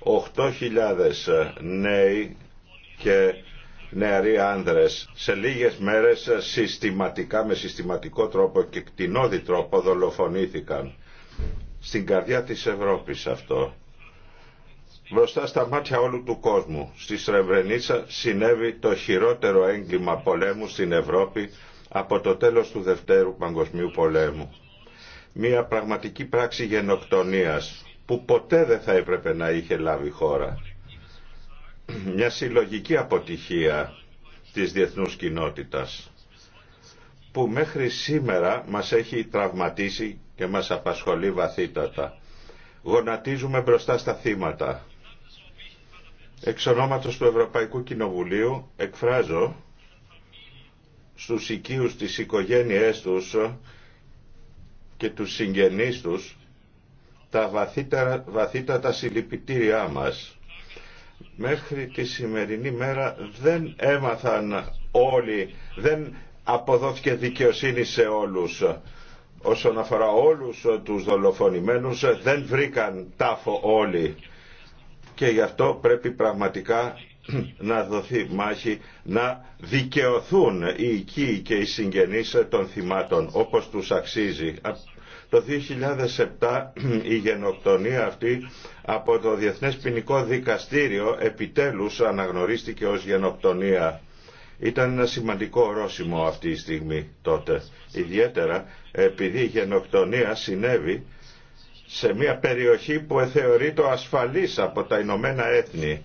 8.000 νέοι και νεαροί άνδρες σε λίγες μέρες συστηματικά με συστηματικό τρόπο και κτηνόδη τρόπο δολοφονήθηκαν στην καρδιά της Ευρώπης αυτό μπροστά στα μάτια όλου του κόσμου στη Σρεμβρενίτσα συνέβη το χειρότερο έγκλημα πολέμου στην Ευρώπη από το τέλος του Δευτέρου Παγκοσμίου Πολέμου μια πραγματική πράξη γενοκτονίας που ποτέ δεν θα έπρεπε να είχε λάβει χώρα. Μια συλλογική αποτυχία της διεθνούς κοινότητας που μέχρι σήμερα μας έχει τραυματίσει και μας απασχολεί βαθύτατα. Γονατίζουμε μπροστά στα θύματα. Εξ του Ευρωπαϊκού Κοινοβουλίου εκφράζω στους οικείους της οικογένειές τους και τους συγγενείς τους τα βαθύτερα, βαθύτατα συλληπιτήριά μας. Μέχρι τη σημερινή μέρα δεν έμαθαν όλοι, δεν αποδόθηκε δικαιοσύνη σε όλους. Όσον αφορά όλους τους δολοφονημένους δεν βρήκαν τάφο όλοι. Και γι' αυτό πρέπει πραγματικά να δοθεί μάχη να δικαιωθούν οι οικοί και οι συγγενείς των θυμάτων όπως τους αξίζει το 2007 η γενοκτονία αυτή από το Διεθνές Ποινικό Δικαστήριο επιτέλους αναγνωρίστηκε ως γενοκτονία. Ήταν ένα σημαντικό ορόσημο αυτή η στιγμή τότε. Ιδιαίτερα επειδή η γενοκτονία συνέβη σε μια περιοχή που το ασφαλής από τα Ηνωμένα Έθνη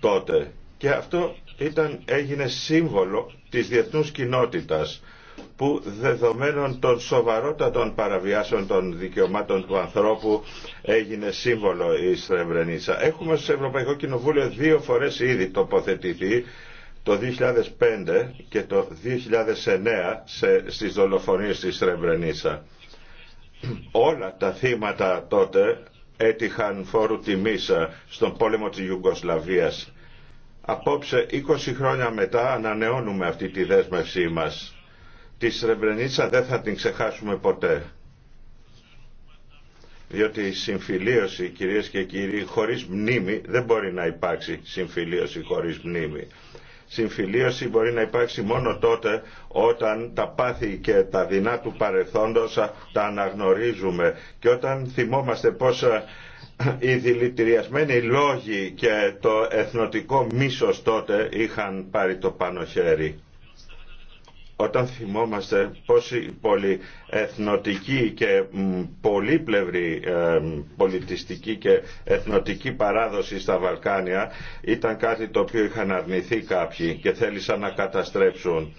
τότε. Και αυτό ήταν, έγινε σύμβολο της διεθνούς κοινότητας που δεδομένων των σοβαρότατων παραβιάσεων των δικαιωμάτων του ανθρώπου έγινε σύμβολο η Σρεβρενίτσα. Έχουμε στο Ευρωπαϊκό Κοινοβούλιο δύο φορές ήδη τοποθετηθεί το 2005 και το 2009 σε, στις δολοφονίες της Σρεβρενίτσα. Όλα τα θύματα τότε έτυχαν φόρου τιμής στον πόλεμο της Ιουγκοσλαβίας. Απόψε 20 χρόνια μετά ανανεώνουμε αυτή τη δέσμευσή μας Τη Σρεμπρενίτσα δεν θα την ξεχάσουμε ποτέ. Διότι η συμφιλίωση, κυρίες και κύριοι, χωρίς μνήμη δεν μπορεί να υπάρξει συμφιλίωση χωρίς μνήμη. Συμφιλίωση μπορεί να υπάρξει μόνο τότε όταν τα πάθη και τα δεινά του παρελθόντος τα αναγνωρίζουμε και όταν θυμόμαστε πώς ε, οι δηλητηριασμένοι λόγοι και το εθνοτικό μίσος τότε είχαν πάρει το πάνω χέρι όταν θυμόμαστε πόση πολυεθνοτική και πολύπλευρη ε, πολιτιστική και εθνοτική παράδοση στα Βαλκάνια ήταν κάτι το οποίο είχαν αρνηθεί κάποιοι και θέλησαν να καταστρέψουν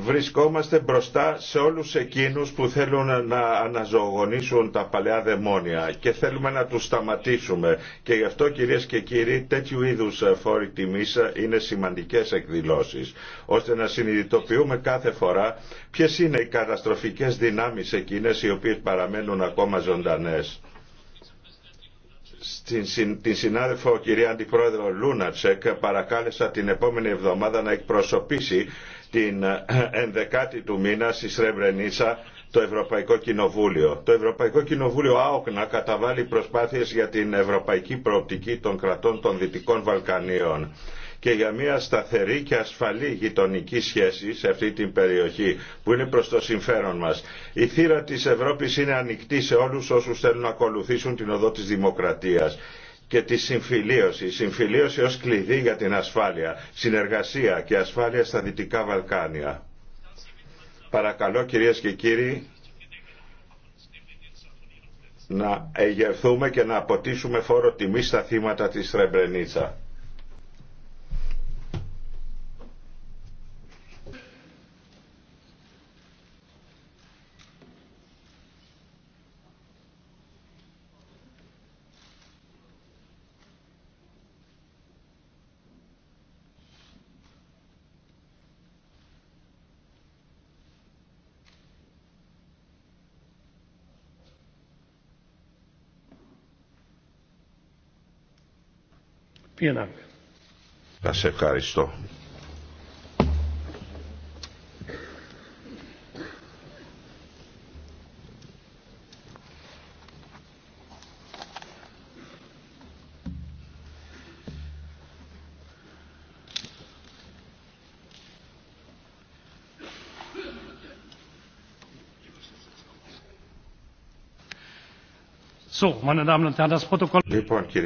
βρισκόμαστε μπροστά σε όλους εκείνους που θέλουν να αναζωογονήσουν τα παλαιά δαιμόνια και θέλουμε να τους σταματήσουμε. Και γι' αυτό κυρίες και κύριοι τέτοιου είδους φόροι τιμής είναι σημαντικές εκδηλώσεις ώστε να συνειδητοποιούμε κάθε φορά ποιες είναι οι καταστροφικές δυνάμεις εκείνες οι οποίες παραμένουν ακόμα ζωντανές στην, την συνάδελφο κυρία Αντιπρόεδρο Λούνατσεκ παρακάλεσα την επόμενη εβδομάδα να εκπροσωπήσει την ε, ενδεκάτη του μήνα στη Σρεμπρενίτσα το Ευρωπαϊκό Κοινοβούλιο. Το Ευρωπαϊκό Κοινοβούλιο άοκνα καταβάλει προσπάθειες για την ευρωπαϊκή προοπτική των κρατών των Δυτικών Βαλκανίων και για μια σταθερή και ασφαλή γειτονική σχέση σε αυτή την περιοχή που είναι προς το συμφέρον μας. Η θύρα της Ευρώπης είναι ανοιχτή σε όλους όσους θέλουν να ακολουθήσουν την οδό της δημοκρατίας και τη συμφιλίωση. Η συμφιλίωση ως κλειδί για την ασφάλεια, συνεργασία και ασφάλεια στα Δυτικά Βαλκάνια. Παρακαλώ κυρίες και κύριοι να εγερθούμε και να αποτίσουμε φόρο τιμή στα θύματα της Σρεμπρενίτσα Σας ευχαριστώ. So, meine Damen λοιπόν,